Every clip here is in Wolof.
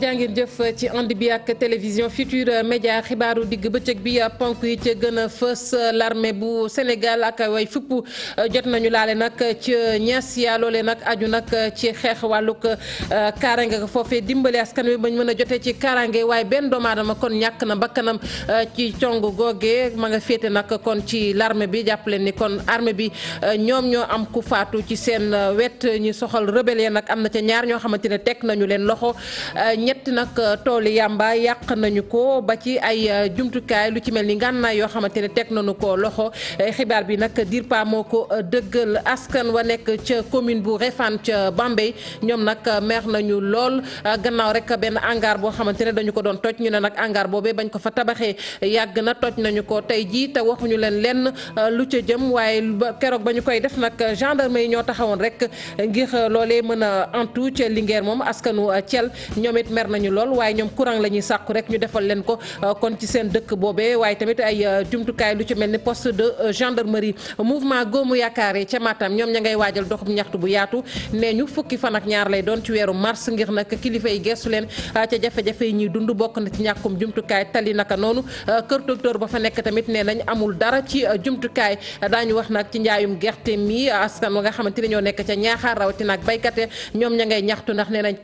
jàngeen jëf ci ànd bi ak télévision Futur Média xibaaru digg bëccëg bi ponk yi ca gën a fës l'armée bu Sénégal ak way fupp euh, jot nañu laale nag ci ñees yaa loole nag aju nag ci xeex wàllug euh, kaaraange ko foofee dimbali askan wi bañ mën a jotee ci kaaraange waaye benn doomu aadama kon ñàkk na bakkanam euh, ci cong googe ma nga féete nag kon ci larme bi jàpp leen ni kon armée bi ñoom ñoo am ku faatu ci seen wet ñi soxal rebelle nag am na ca ñaar ñoo xamante ne teg nañu leen loxo ñett nag euh, toolu yàmba yàq nañu ko ba ci ay euh, jumtukaay lu ci mel ni ngànnaay yoo xamante ne teg nañu ko loxo xibaar bi nag DIRPA moo ko euh, dëggal askan wa nekk ca commune bu Réfane ca Bambey ñoom nag mer nañu lool gannaaw rek benn hangar boo xamante ne dañu ko doon toj ñu ne nag hangar boobee bañ ko fa tabaxee yàgg na toj nañu ko tey jii te waxuñu leen lenn lu ca jëm waaye keroog ba ñu koy def nag gendarme yi ñoo taxawoon rek ngir loolee mën a antu ca Linguère moom askanu Thiel mer nañu lool waaye ñoom courant la ñuy sàkku rek ñu defal leen ko euh, kon ci seen dëkk boobee waaye tamit ay euh, jumtukaay ci mel ni poste de euh, gendarmerie mouvement góomu yaakaare ca Matam ñoom ña ngay waajal doxub ñaxtu bu yaatu nee ñu fukki fan ak ñaar lay doon ci weeru mars ngir nag kilifa yi gestu leen ca jafe-jafe yi ñuy dund bokk na ci ñàkkum jumtukaay tali naka noonu kër docteur ba fa nekk tamit nee nañ amul dara ci jumtukaay daañu wax nag ci njaayum gerte mi askan wa nga xamante ne ñoo nekk ca ñaaxaar rawatina ak baykat ñoom ña ngay ñaxtu ndax nee nañ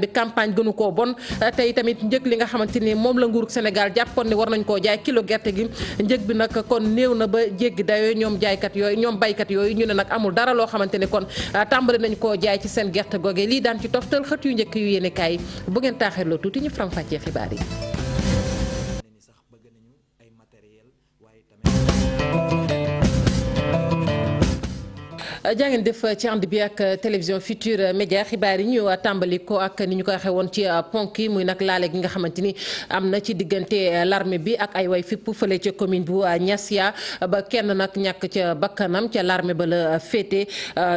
bi campagne gënu koo bon tey tamit njëg li nga xamante ni moom la nguurug Sénégal jàppoon ne war nañ koo jaay kilo gerte gi njëg bi nag kon néew na ba jéggi dayooy ñoom jaaykat yooyu ñoom baykat yooyu ñu ne nag amul dara loo xamante ni kon ah, tàmbali nañ koo jaay ci seen gerte googee lii daan ci toftal xët yu njëkk yu yéene kaay bu ngeen taaxeeloo tuuti ñu faram fàccee xibaar yi jaa ngeen def ci ànd bi ak télévision Futurs Médias xibaar yi ñu tàmbali ko ak ni ñu ko waxee woon ci ponk yi muy nag laale gi nga xamante ni am na ci diggante l'armée bi ak ay way fipp fële ca commune bu Niassia ba kenn nag ñàkk ca bakkanam ca l'armée ba la féete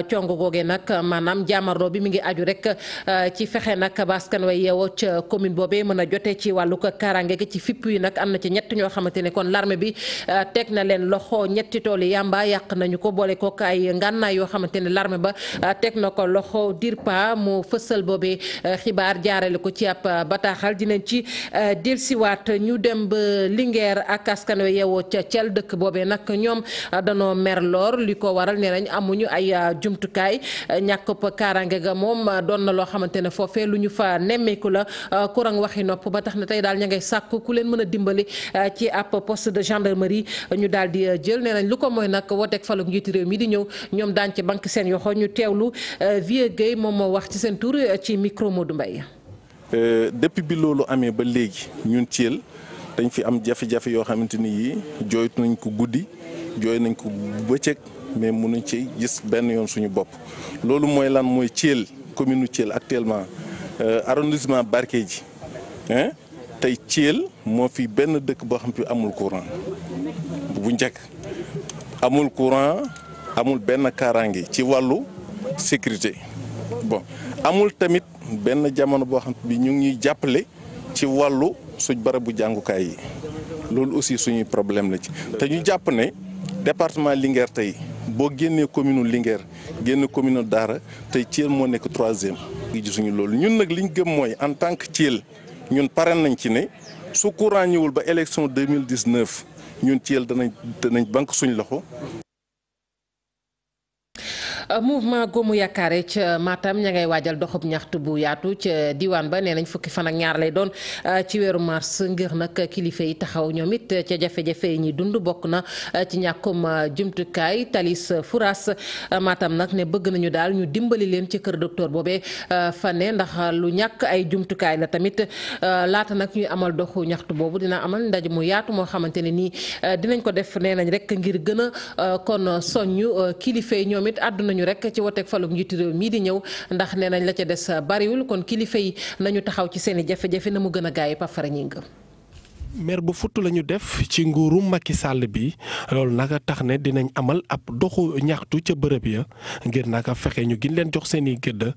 congo googee nag maanaam jaamarloo bi mi ngi aju rek ci fexe nag ba askan way yeewoo ca commune boobee mën a jote ci wàllu kaaraange gi ci fipp yi nag am na ci ñett ñoo xamante ne kon larme bi teg na leen loxo ñetti toolu yàmba yàq nañu ko boole kook ngànnaay yoo xamante ne l'armée ba euh, teg na ko loxo DIRPA moo fësal boobee euh, xibaar jaarale ko ci ab euh, bataaxal dinañ ci delsiwaat ñu dem ba Linguère ak askan wi yeewoo ca cel dëkk boobee nag ñoom danoo mer loor li ko waral nee nañ amuñu ay jumtukaay ñàkk pa kaaraange ga moom doon na loo xamante ne foofee lu ñu fa nemmeeku la kurang waxi nopp ba tax na tey daal ña ngay sàkk ku leen mën dimbali ci ab poste de gendarmerie ñu daal jël nee lu ko mooy nag wooteeg faluk njiitu waxtaan ci banque seen yoxo ñu teewlu euh, Vieux Guèye moom moo wax ci seen tur euh, ci micro Modou Mbaye euh, depuis bi loolu amee ba léegi ñun Thiel dañ fi am jafe-jafe yoo xamante ni yi jooytu nañ ko guddi jooy nañ ko bëccëg mais mënuñ ci gis benn yoon suñu bopp loolu mooy lan mooy Thiel commune Thiel actuellement arrondissement barke ji tey Thiel moo fi benn dëkk boo xam ne amul courant bu njëkk amul courant amul benn kaaraange ci wàllu sécurité bon amul tamit benn jamono boo xam bi ñu ngi ñuy jàppale ci wàllu suñ barabu jàngukaay yi loolu aussi suñuy problème la ci te ñu jàpp ne département Linguère tey boo génnee commune Linguère génn commune Daara tey Thiel moo nekk troisième. gi suñu loolu ñun nag liñ gëm mooy en tant que Thiel ñun pare nañ ci ne su courant ñëwul ba élection 2019 ñun Thiel danañ danañ banque suñ loxo Euh, mouvement Gomu Yaakaare ca Matam ña ngay waajal doxub ñaxtu bu yaatu ca diwaan ba nee nañ fukki fan ak ñaar lay doon euh, ci weeru mars ngir nag kilifa yi taxaw ñoom it ca jafe-jafe yi ñuy dund bokk na euh, ci ñàkkum jumtukaay talis furas Matam nag ne bëgg nañu daal ñu dimbali leen ci kër docteur boobee fa ne ndax lu ñàkk ay jumtukaay la tamit laata nag ñuy amal doxu ñaxtu boobu dina amal ndaje mu yaatu moo xamante ne nii dinañ ko def nee nañ rek ngir gën a nañu rek ci woteeg falum njiitu réew mii di ñëw ndax nee nañ la ca des bariwul kon kilifa yi nañu taxaw ci seen i jafe na mu gën a gaay pafara ñi ngëm mer bu futt lañu def ci nguuru Macky sàll bi loolu naka tax ne dinañ amal ab doxu ñaxtu ca bërëb ya ngir naka fexe ñu gën leen jox seen i gëdd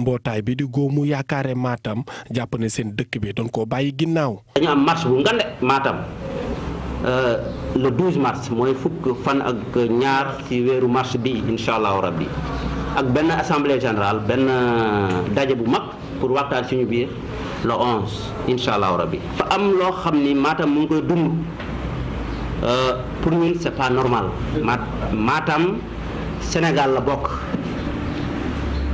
mbootaay bi di góomu yaakaare Matam jàpp ne seen dëkk bi doon koo bàyyi ginnaaw. dañu am marche bu ngande Matam. Euh, le 12 mars mooy fukk fan ak ñaar ci weeru mars bi incha allahu bi ak benn assemblée général benn euh, daje bu mag pour waxtaan suñu biir le onze incha allahu rabbi fa am loo xam ni maatam mu ngi koy dund euh, pour ñun c'est pas normal. Matam Sénégal la bokk.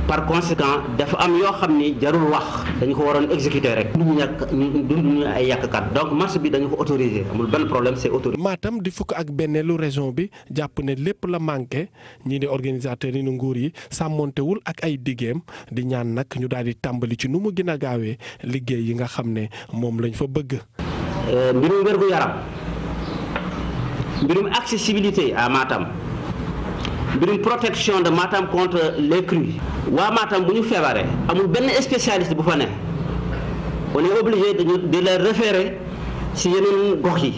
par conséquent dafa am yoo xam ni jarul wax dañu ko waroon exécuter rek. du ñu ñàkk du ñu ay yàqkat donc marche bi dañu ko autorisé amul benn problème c'est autorisé. Matam di fukk ak benneelu région bi jàpp ne lépp la manqué ñii di organisateurs yi nguur yi sàmmontewul ak ay diggéem di ñaan nag ñu daal di tàmbali ci nu mu gën gaawee liggéey yi nga xam ne moom lañ fa bëgg. Euh, mbirum wérgu yaram mbirum accessibilité à Matam. mbirum protection de Matam contre le crues waa Matam bu ñu feebaree amul benn spécialiste bu fa ne on est dañu di la référer si yeneen gox yi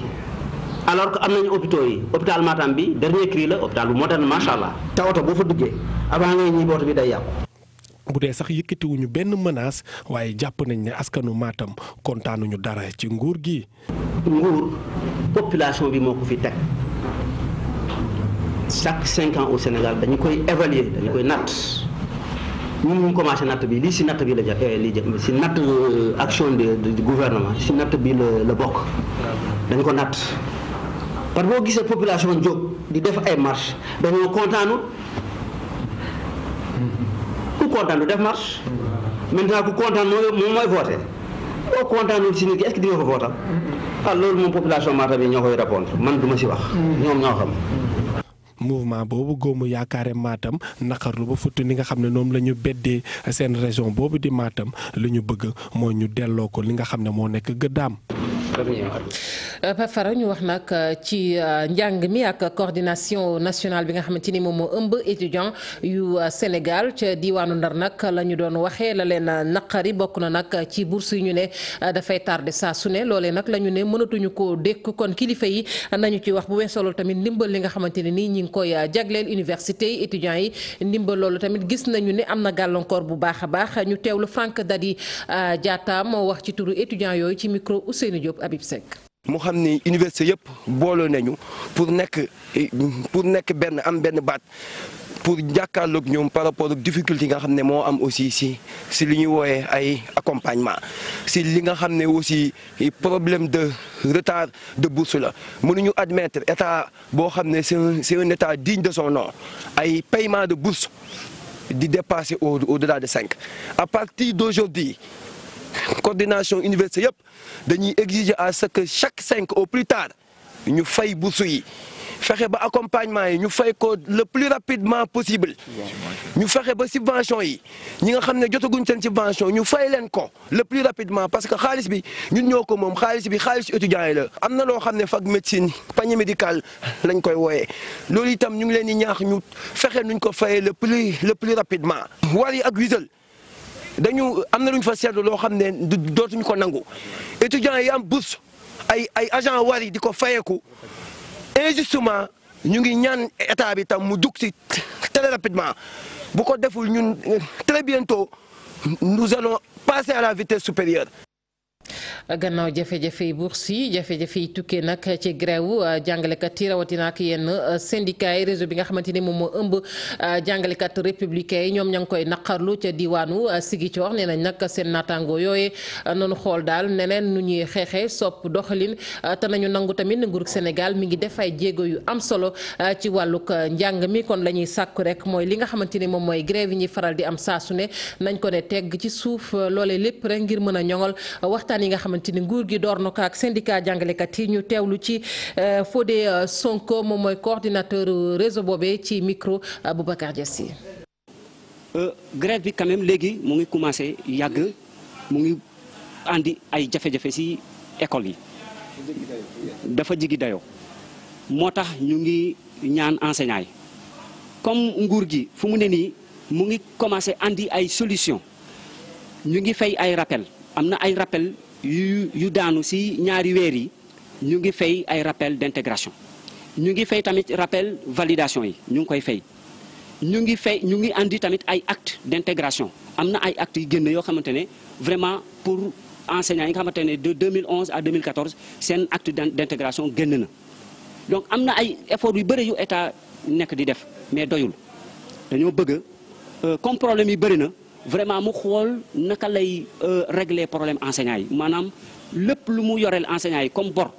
alors que am nañu hôpitaux yi hôpital Matam bi dernier cri la hôpital bu moderne macha allah. tawata boo fa duggee avant ngay ñibbi oto bi day yàqu. bu dee sax yëkkatiwuñu benn menace waaye jàpp nañ ne askanu maatam kontaanuñu dara ci nguur gi. nguur population bi moo ko fi teg. chaque cinq ans au Sénégal dañu koy évaluer dañu koy natt moom ñu ngi commencé natt bi lii si natt bi la jàpp eh, lii jàpp si natt euh, action du gouvernement si natt bi la bokk dañ ko natt parce boo gisee population jóg di def ay marche dañoo kontaanu ku kontaan du def marche maintenant ku kontaan moom moom mooy voté boo kontaanul si nit ki est-ce ko votal ah loolu moom population Matam bi ñoo koy répondre man du si wax ñoom ñoo xam mouvement boobu góomu yaakaare Matam naqarlu ba futt ni nga xam ne noonu la ñu beddee seen région boobu di maatam li ñu bëgg mooy ñu delloo ko li nga xam ne moo nekk gëddaam Euh, Pape ñu wax nag euh, ci euh, njàng mi ak coordination nationale bi nga xamante ni moom moo ëmb étudiant yu Sénégal ca diwaanu Ndar nag la ñu doon waxee la leen naqari bokk na nag ci bourse yu ñu ne dafay tarde saa su ne loolee nag la ñu ne mënatuñu ko dékk kon kilifa yi nañu ci wax bu weesoo loolu tamit ndimbal li nga xamante ne nii ñi ngi koy jagleel université yi étudiants yi ndimbal loolu tamit gis nañu ni am na gàllankoor bu baax a baax ñu teewlu Franck Dadi Diatta moo wax ci turu étudiant yooyu ci micro Habib Seck. mu xam ni université yëpp booloo nañu pour nekk pour nekk benn am benn baat pour jàkkaarloog ñoom par rapport ak difficulté yi nga xam ne moo am aussi si si li ñuy wooyee ay accompagnement si li nga xam ne aussi problème de retard de bourse la mënuñu admettre état boo xam ne c'est un c'est un état digne de son nom ay paiement de bourse di dépasser au au delà de cinq à partir d'aujourd'hui coordination université yëpp dañuy exiger à ce que chaque cinq au plus tard ñu fay bourse yi fexe ba accompagnement yi ñu fay ko le plus rapidement possible ñu fexe ba subvention yi ñi nga xam ne jotaguñ seen subvention ñu fay leen ko le plus rapidement parce que xaalis bi ñun ñoo ko moom xaalis bi xaalis étudiant yi la am na loo xam ne fag médecine panier médical lañ koy wooyee loolu itam ñu ngi leen di ñaax ñu fexe nuñ ko fayee le plus le plus rapidement war yi ak dañu am na lu ñu fa seetlu loo xam ne dootuñu ko nangu étudiants yi am bus ay ay agent war yi di ko fayeeku injustement ñu ngi ñaan état bi tam mu jug si très rapidement bu ko deful ñun euh, très bientôt nous allons passer à la vitesse supérieure gannaaw jafe-jafe yi si yi jafe-jafe yi tukkee nag ci grève euh, jàngalekat yi rawatina yenn euh, syndicat yi réseau bi nga xamante ni moom mooy ëmb euh, jàngalekat républicain yi ñoom ña ngi koy naqarlu ca diwaanu Sigicoor nee nañ nag seen naataango yooye noonu xool daal neneen nu ñuy xeexee sopp doxalin te nañu nangu tamit nguurug Sénégal mi ngi def ay jéego yu am solo ci wàllug njàng mi kon lañuy sàkku rek mooy li nga xamante ni moom mooy grève yi ñuy faral di am saa su ne nañ ko ne tegg ci suuf loole lépp rek ngir mën a ñoŋal waxtaan waxtaan yi nga xamante ni nguur gi door na ko ak syndicat jàngalekat yi ñu teewlu ci euh, Fodé euh, Sonko moom mooy coordinateur réseau boobee ci micro euh, Boubacar Dias yi. grève bi quand même léegi mu ngi commencé yàgg mu ngi andi ay jafe-jafe ci école yi. dafa jigi dayo moo tax ñu ngi ñaan enseignants yi comme nguur gi fu mu ne nii mu ngi commencé andi ay solution ñu ngi fay ay rappel am na ay rappel yu yu daanu si ñaari weer yi ñu ngi fay ay rappel d'intégration ñu ngi fay tamit rappel validation yi ñu ngi koy fay ñu ngi fay ñu ngi andi tamit ay acte d'intégration am na ay actes yu génn yoo xamante ne vraiment pour enseignants yi nga xamante ne de 2011 à 2014 seen acte d'intégration génn na donc am na ay efforts yu bëri yu état nekk di def mais doyul dañoo bëgg euh, comme problème yi bëri na vraiment mu xool naka lay euh, régler problème enseignants yi maanaam lépp lu mu yoreel enseignants yi comme bor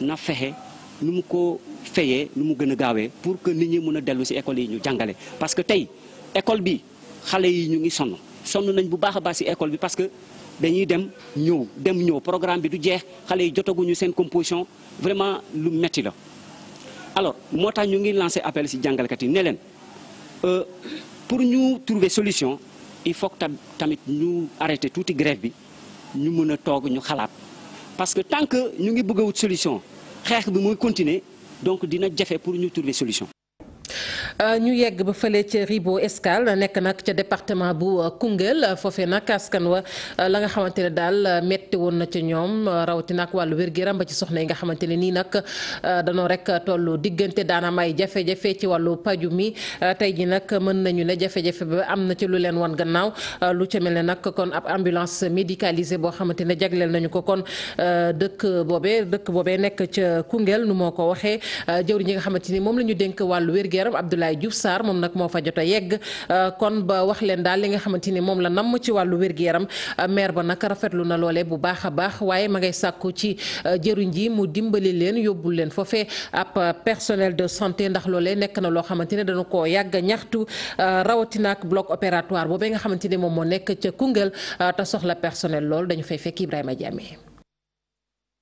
na fexe nu mu ko fayee nu mu gën a gaawee pour que ni ñuy mun a dellu si école yi ñu jàngale parce que tey école bi xale yi ñu ngi sonn sonn nañ bu baax a baax ci école bi parce que dañuy dem ñëw dem ñëw programme bi du jeex xale yi jotaguñu seen composition vraiment lu metti la alors moo tax ñu ngi lancé appel si jàngalekat yi ne leen euh, pour ñu trouver solution il faut que tamit ñu arrêté tuuti grève bi ñu mun a toog ñu xalaat parce que tant que ñu ngi bëgg a wut solution xeex bi muy continuer donc dina jafe pour ñu trouver solution Euh, ñu yegg ba fële ca Ribo Escale nekk nag ca département bu euh, Koungheul foofe nag askan wa euh, la nga xamante ne daal metti woon na ca ñoom rawatina ak wàllu wér-gu-yaram ba ci soxna yi nga xamante ne nii nag danoo rek tollu diggante daanam ay ci wàllu paju mi tey ji nag mën nañu ne jafe ba am na ci lu leen wan gannaaw lu ca mel ne nag kon ab ambulance médicalisée boo xamante ne jagleel nañu ko kon dëkk boobee dëkk boobee nekk ca Koungheul nu moo ko waxee jëwriñ ñi nga xamante ni moom la ñu dénk wàllu wér-gu-yaram Abdoulaye ay Diouf Sarr moom nag moo fa jot a yegg euh, kon ba wax leen daal li nga xamante ni moom la namm ci wàllu wér-gu-yaram euh, maire ba nag rafetlu na loole bu baax a baax waaye ma ngay sàkku ci euh, jëruñ ji mu dimbali leen yóbbul leen foofe ab personnel de santé ndax loolee nekk na loo xamante ne dana koo yàgg ñaxtu rawatina ak bloc opératoire boobee nga xamante ni moom moo nekk ca Koungheul te soxla personnel loolu dañu fay fekk Ibrahima Diame.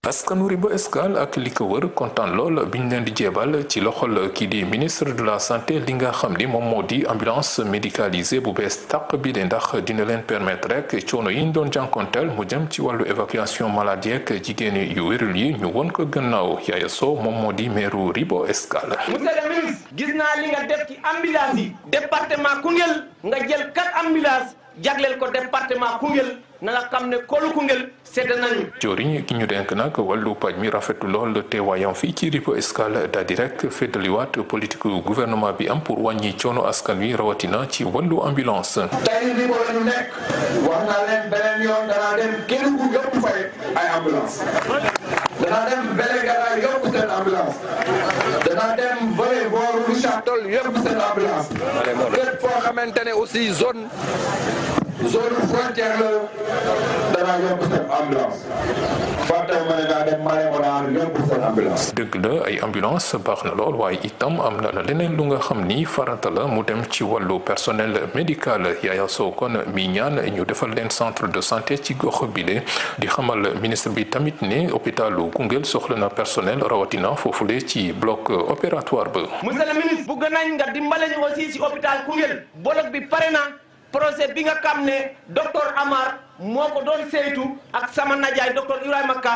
askanu Ribot Escale ak li ko wër kontaan lool biñ leen di jéebal ci loxol kii di ministre de la santé li nga xam ni moom moo di ambulance médicalisée bu bees tàq bi de ndax dina leen permettre rek coono yi ñu doon jànkonteel mu jëm ci wàllu évacuation maladie ak jigéen yu wérul yi ñu won ko gannaaw Yaya Sow moom moo di meeru Ribot Escale. monsieur le ministre gis naa li nga def ci ambulance yi département Koungheul nga jël quatre ambulances jagleel ko département Koungheul. na nga ne koolu Koungheul sedd ki ñu denk nag wallu paj mi rafetu lool teewaayam fii ci Rip Escale daal di rek féetaliwaat politique gouvernement bi am pour wàññi coono askan wi rawatina ci wallu ambulance. tey li ko la ñu nekk wax naa leen beneen yoon danaa dem kenn ku yëpp ambulance danaa dem beneen yokk seen ambulance danaa dem volet yokk seen ambulance. fépp foo xamante ne zone dëgg la ay ambulance baax na lool waaye itam am na leneen lu nga xam ni farata la mu dem ci wàllu personnel médical Yaya Sow kon mi ñaan ñu defal leen centre de santé ci gox bile di xamal ministre bi tamit ne hôpitalu Koungheul soxla na personnel rawatina foofule ci bloc opératoire ba. monsieur ministre bëgg nañ nga dimbale ñu aussi ci hôpital Koungheul bloc bi pare na. projet bi nga xam ne docteur Amar moo ko doon saytu ak sama najaay docteur Ibrahima Ka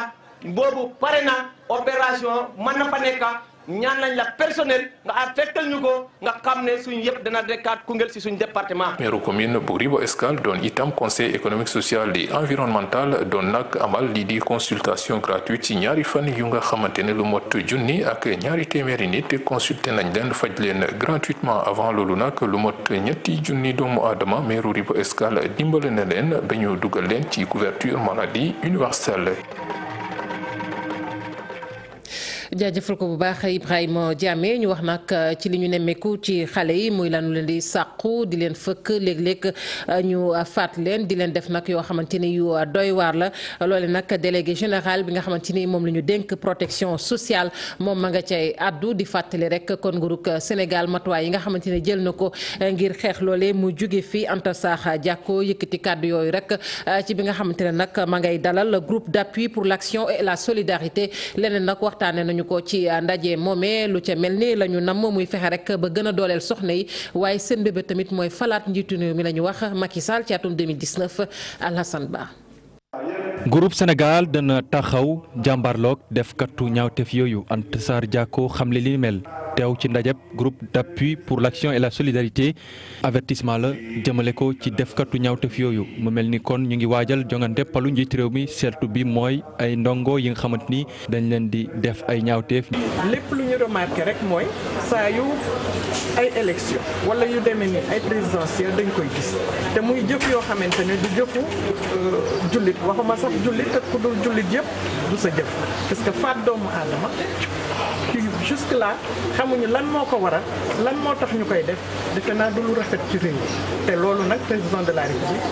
boobu pare na opération mën na fa nekka ñaan nañ la personnel nga affectal ñu ko nga xam ne suñ yëpp dana dekkaat Koungheul si suñ département. meeru commune bu Ribo Escale doon itam conseil économique social et environnemental doon nag amal lii di consultation gratuite ci ñaari fan yu nga xamante ne lu mot junni ak ñaari téeméeri nit consulter nañ leen faj leen gratuitement avant loolu nag lu mot ñetti junni doomu aadama meeru Ribo Escale dimbale na leen ba dugal leen ci couverture maladie universelle. jaajafal ko bu baax Ibrahima Diame ñu wax nag euh, ci li ñu nemmeeku ci xale yi muy lanu leen di sàqu di leen fëkk léeg-léeg euh, ñu faat leen di leen def nag yoo xamante ni euh, doy waar la loole nag délégué général bi nga xamante ni moom la ñu dénk protection sociale moom ma nga cee addu di fàttali rek kon nguruk Sénégal matuwaay yi nga xamante ne jël na ko ngir xeex loole mu juge fii Anta Sakh Diakho yëkkati kàddu yooyu rek ci bi nga xamante ne nag ma ngay dalal groupe d'appui pour l'action et la solidarité leneen nag nañu ko ci ndaje moomee lu ca mel ni la ñu nam muy fexe rek ba gën a dooleel soxna yi waaye seen bébé tamit mooy falaat njiitu mi la ñu wax Macky Sall ci atum 2019 Alassane Ba nguurub Sénégal dana taxaw jàmbarloog def kattu ñaawteef yooyu Anta Sarr Diacko xamle li mel teew ci ndajeb groupe d'appui pour l'action et la solidarité avertissement la jëmale ko ci defkatu kattu ñaawteef yooyu mu mel ni kon ñu ngi waajal jongante palu njiit réew mi seetlu bi mooy ay ndongo yi nga xamante ni dañ leen di def ay ñaawteef. lépp lu ñu remarqué rek mooy saa yu ay élection wala yu demee ni ay présidentielles dañ koy gis te muy jëf yoo xamante ne jullit ak ku dul jullit yëpp du sa jëf parce que faat doomu aadama ci jusque là xamuñu lan moo ko waral lan moo tax ñu koy def defe naa du lu rafet ci réew te loolu nag président de la république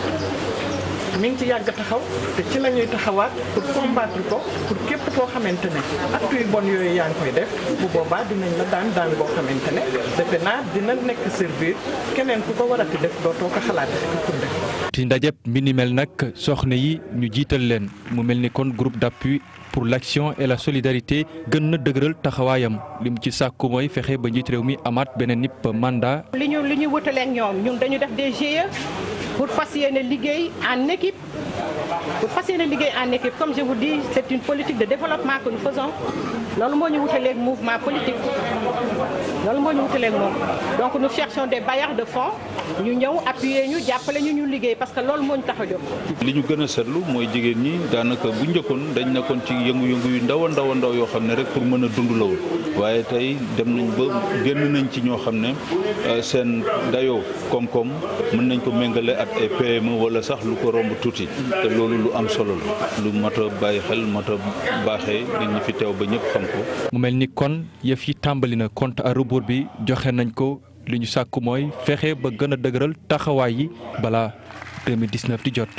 mi ngi ci yàgg taxaw te ci la ñuy taxawaat pour combattre ko pour képp koo xamante ne actes yu bon yooyu yaa ngi koy def bu boobaa dinañ la daan daan boo xamante ne defe naa dina nekk servir keneen ku ko warati def dootoo ko xalaat pour def ci ndajeb mi ni mel nag soxna yi ñu jiital leen mu mel ni kon groupe d'appui pour l'action et la solidarité gën na dëgëral taxawaayam li mu ci sàkku mooy fexe ba njiit réew mi amaat beneen nipp mandat. li ñu li ñoom ñun dañu def des GIE pour fas yéene liggéey en équipe pour fas yéene liggéey en équipe comme je vous dis c'est une politique de développement que politique. loolu moo ñu wutaleeg moom donc nous cherchons des bailleurs de fonds ñu ñëw appuyer jàppale ñu ñu liggéey parce que loolu moo ñu a jóg. li ñu gën a seetlu mooy jigéen ñi daanaka bu njëkkoon dañ nekkoon ci yëngu-yëngu yu ndawa a ndaw yoo xam ne rek pour mën a dund la waaye tey dem nañ ba génn nañ ci ñoo xam ne euh, seen dayoo koom-koom mën nañ ko méngale at ay PME wala sax lu ko romb tuuti te loolu lu am solo la lu mat a bàyyi xel mat a baaxee nit ñi fi teew ba ñëpp xam buur bi joxe nañ ko li ñu sàkk mooy fexe ba gën a dëgëral taxawaay yi bala 2019 di jot.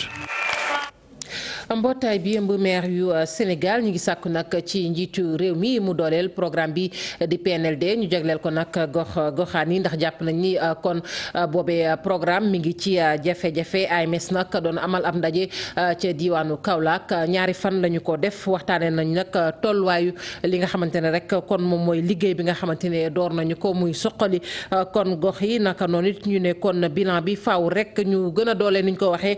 mbootaay bi ëmb maire yu euh, Sénégal ñu ngi sàkku nag ci njiitu réew mi mu dooleel programme bi di PNLD ñu jegleel ko nag gox goxaan yi ndax jàpp nañ ni euh, kon euh, boobee programme mi ngi ci jafe-jafe AMS nag doon amal ab ndaje ca diwaanu Kaolack ñaari fan la ko def waxtaanee nañ nag tolluwaayu li nga xamante ne rek kon moom mooy liggéey bi nga xamante ne door nañu ko muy soqali kon gox yi naka noonu ñu ne kon bilan bi faaw rek ñu gën a doole ni ñu ko waxee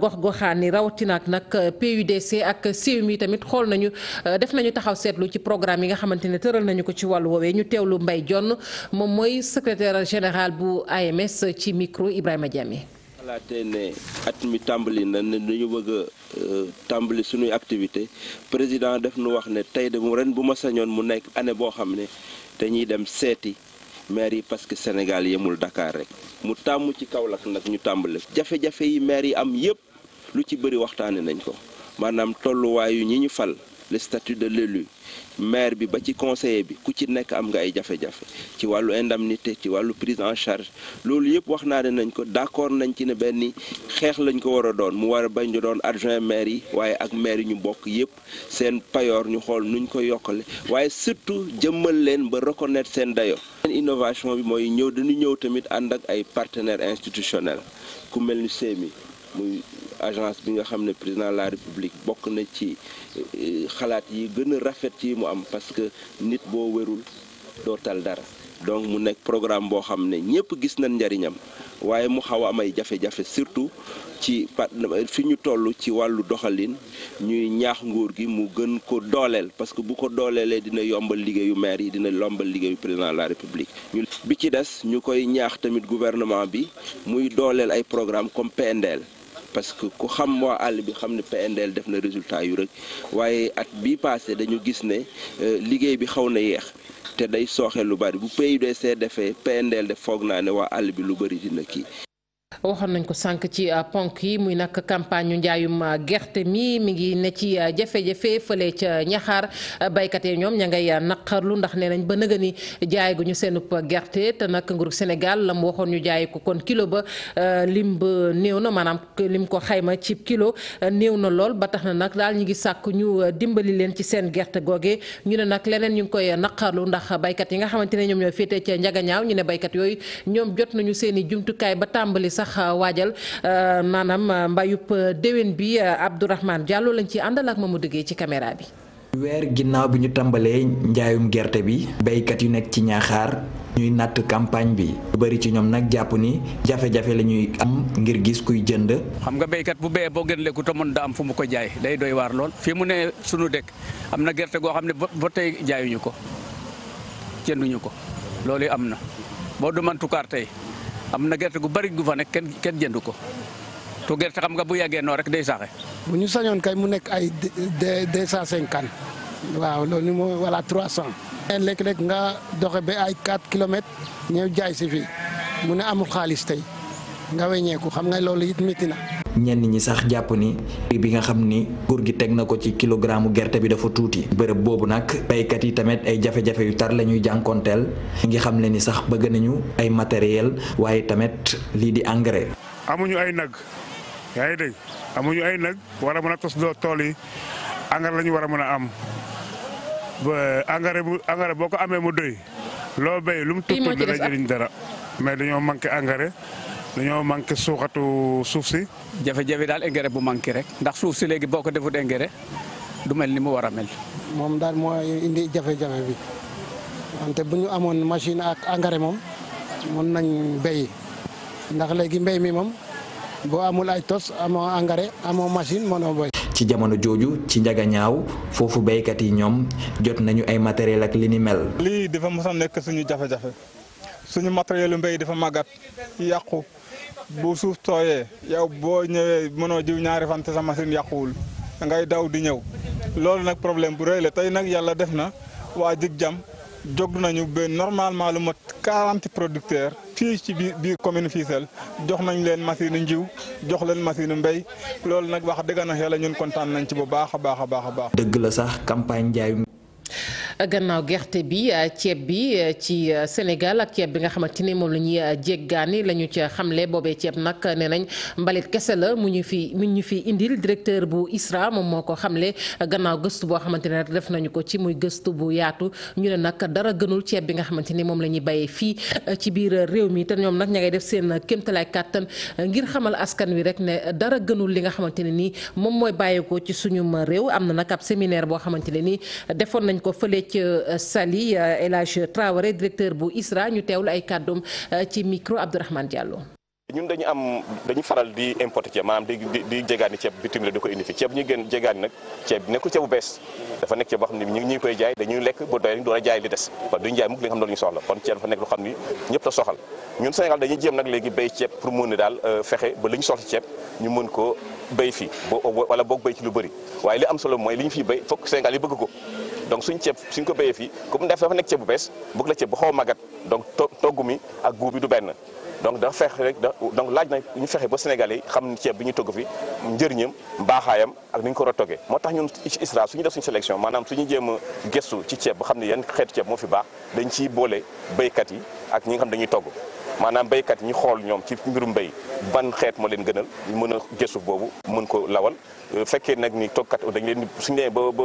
gox goxaan yi rawatina ak PUDC ak CMU tamit xool nañu euh, def nañu taxaw seetlu ci programme yi nga xamante ne tëral nañu ko ci wàllu woowee ñu teewlu mbay Dione moom mooy secretaire général bu AMS ci micro Ibrahima Diame. xalaatee ne at mi tàmbali na ne dañu bëgg a euh, tàmbali suñuy activité président def nu wax ne tey de ren bu ma sañoon mu nekk année boo xam ne dañuy dem seeti maire yi parce que Sénégal yemul Dakar rek mu tàmm ci Kaolack nag ñu tàmbali jafe-jafe yi maire am yëpp lu ci bëri waxtaane nañ ko maanaam tolluwaayu ñi ñu fal le statut de l'élu maire bi ba ci conseiller bi ku ci nekk am nga ay jafe-jafe ci wàllu indemnité ci wàllu prise en charge loolu yëpp wax naa ne nañ ko d'accord nañ ci ne benn xeex lañ ko war a doon mu war a bañ doon adjoint maire yi waaye ak maire yi ñu bokk yëpp seen payoor ñu xool nuñ ko yokkale waaye surtout jëmmal leen ba reconnaître seen dayo innovation bi mooy ñëw dañu ñëw tamit ànd ak ay partenaires institutionnels ku mel agence bi nga xam ne président la république bokk na ci euh, xalaat yi gën a rafet ci mu am parce que nit boo wérul doo dara donc mu nekk programme boo xam ne ñëpp gis nañ njariñam waaye mu xaw a am ay jafe-jafe surtout ci fi ñu toll ci wàllu doxalin ñuy ñaax nguur gi mu gën ko dooleel parce que bu ko dooleelee dina yombal liggéeyu maire yi dina yombal liggéeyu président de la république. bi ci des ñu koy ñaax tamit gouvernement bi muy dooleel ay programme comme parce que ku xam waa àll bi xam ne PNDL def na résultat yu rek waaye at bi passé dañu gis ne euh, liggéey bi xaw na yéex te day sooxe lu bari bu PUDC defee pendel def foog naa ne waa àll bi lu bari dina kii waxoon nañ ko sànq ci euh, ponk yi muy nag campagne ñu njaayum euh, gerte mii mi ngi ne ci euh, jafe-jafe fële ca ñaxaar baykat yi ñoom ña ngay naqarlu ndax nee nañ ba nëga ni jaay gu gerte te nag nguur Sénégal la mu waxoon ñu jaay ko kon kilo ba lim ba néew na maanaam lim ko xayma ci kilo néew na lool ba tax na nag daal ñu ngi sàkk dimbali leen ci seen gerte googe ñu ne nag leneen ñu ngi koy naqarlu ndax baykat yi nga xamante ne ñoom ñooy féetee ca njagañaaw ñu ne baykat yooyu ñoom jot nañu seen jumtukaay ba tàmbali sax sax euh, waajal euh, maanaam euh, mbayub déwén bi Abdourahmane jàlloo lañ ci àndal ak mu Gueye ci caméra bi. weer ginnaaw bi ñu tàmbalee njaayum gerte bi béykat yu nekk ci ñaaxaar ñuy natt campagne bi lu bari ci ñoom nag jàpp ni jafe-jafe la ñuy am ngir gis kuy jënd xam nga béykat bu béyee boo gën lekku te mën da am fu mu ko jaay day doy waar lool fii mu ne sunu dëkk am na gerte goo xam ne ba tey jaayuñu ko jënduñu ko loolu am na boo dumantukaar tey am na gerte gu bari gu fa nekk kenn kenn jëndu ko te gerte xam nga bu yàggee noo rek day saxe bu ñu sañoon kay mu nekk ay deux cent cinquante waaw loolu mooy voilà trois cent léeg-léeg nga doxe ba ay quatre kilomètres ñëw jaay si fi mu ne amul xaalis tey nga weññeeku xam nga loolu it métti na ñenn ñi sax jàpp ni bi nga xam ni nguur gi teg na ko ci kilogramme gerte bi dafa tuuti bërëb boobu nag baykat yi tamit ay jafe-jafe yu tar la ñuy jànkonteel ngi xam ne ni sax bëgg nañu ay matériel waaye tamit lii di engrais. amuñu ay nag yaa ngi dégg amuñu ay nag war a mën a tos doo tool yi engrais lañu war a mën a am ba engrais bu engrais boo ko amee mu doy loo béy lu mu tuuti dana ah. jëriñ dara mais dañoo manqué engrais. dañoo manqué suuxatu suuf si. jafe-jafe daal engrais bu manqué rek ndax suuf si léegi boo ko defut engrais du mel ni mu war a mel. moom daal mooy indi jafe-jafe bi wante bu amoon machine ak engrais moom mën nañ béy ndax léegi mbéy mi moom boo amul ay tos amoo engrais amoo machine mënoo béy. ci jamono jooju ci njaga ñaaw foofu béykat yi ñoom jot nañu ay matériel ak li ni mel. lii dafa mos a nekk suñu jafe-jafe suñu matériel mbéy dafa màggat yàqu. bu suuf tooyee yow boo ñëwee mënoo jiw ñaari fan te sa machine yàquwul da ngay daw di ñëw loolu nag problème bu rëy la tey nag yàlla def na waa jig jam jóg nañu ba normalement lu mot 40 producteurs fii ci biir biir commune Fissel jox nañ leen machine njiw jox leen machine mbéy loolu nag wax dëgg na yàlla ñun kontaan nañ ci bu baax a baax a baax a baax. dëgg la sax campagne njaayum gannaaw gerte bi euh, ceeb bi euh, ci euh, Sénégal ak ceeb bi nga xamante ni moom la ñuy jéggaani la ñu ca xamle boobee ceeb nag nee nañ mbalit kese la mu ñu fi mu ñu fi indil directeur bu ISRA moom moo ko xamle gannaaw gëstu boo xamante ne def nañu ko ci muy gëstu bu yaatu ñu ne nag dara gënul ceeb bi nga xamante ni moom la ñuy bayee fii ci biir réew mi te ñoom nag ña ngay def seen kéemtalaay kàttan ngir xamal askan wi rek ne dara gënul li nga xamante ne nii moom mooy bàyyeekoo ci suñu réew am na nag ab séminaire boo xamante ne nii defoon nañ ko fële Déthié euh, Sali euh, El Hadj Traoré directeur bu ISRA ñu teewlu ay kàddoom euh, ci micro Abdourahmane Diallo. ñun dañu am dañu faral di importer ceeb maanaam di di di jegaani ceeb bitim la di ko indi fi ceeb ñu gën jegaani nag ceeb bi nekkul ceeb bees dafa nekk ceeb boo xam ne ñu ngi koy jaay dañuy lekk ba doy door a jaay li des kon duñu jaay mukk li nga xam ne loolu ñu soxla kon ceeb dafa nekk loo xam ni ñëpp la soxal ñun Sénégal dañuy jéem nag léegi béy ceeb pour mën ne daal fexe ba li ñu soxla ceeb ñu mën ko béy fii wala boog béy ci lu bëri waaye li am solo mooy li ñu fiy béy fokk Sénégal yi bëgg ko donc suñ ceeb suñ ko béyee fii comme dafa nekk ceeb bu bees bëgg la ceeb bu xaw a màggat donc togg mi ak guub bi du benn donc dafa fexe rek donc laaj na ñu fexe ba Sénégalais yi xam ne ceeb bu ñu togg fi njëriñam mbaaxaayam ak ni ñu ko war a toggee moo tax ñun ci ISRA suñu def suñu sélection maanaam suñu jéem a ci ceeb ba xam ne yan xeetu ceeb moo fi baax dañ ciy boole béykat yi ak ñi nga xam dañuy togg maanaam béykat yi ñu xool ñoom ci mbirum mbéy ban xeet moo leen gënal ñu mën a gëstu boobu mën ko lawal euh, fekkee nag ni toogkat dañ leen suñu nee ba ba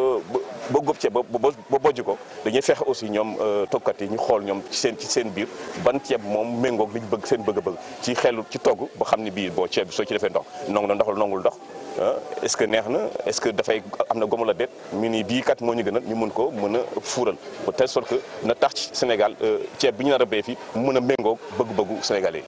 ba góob ceeb ba ba bojj ko dañuy fexe aussi ñoom euh, toogkat yi ñu xool ñoom ci seen ci seen biir ban ceeb moom méngoog li ñu bëgg seen bëgg-bëgg ci xelu ci togg ba xam ne bii boo ceeb soo ci defee ndox nong na ndox la nongul ndox Euh, est-ce que neex na est-ce que dafay am na gomolo la déet ñu ni bii kat moo ñu gënal ñu mën ko mën a fuural ba telle sorte que na tax ci Sénégal euh, ceeb bi ñu nar a béy fii mën a méngoo bëgg-bëggu Sénégalais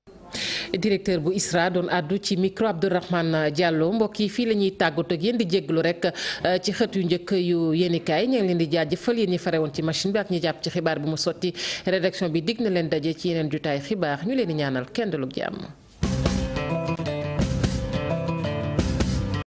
yi bu ISRA doon àddu ci micro Abdourahmane Diallo mbokk yi fii la ñuy tàggatoo ak yéen di jégalu rek euh, ci xët yu njëkk yu yéenekaay ñu ngi leen di jaajëfal yéen ñi fare ci machine bi ak ñi jàpp ci xibaar bu mu sotti rédaction bi digg na leen daje ci yeneen jotaay xibaar ñu leen ñaanal kenn dalug jàmm.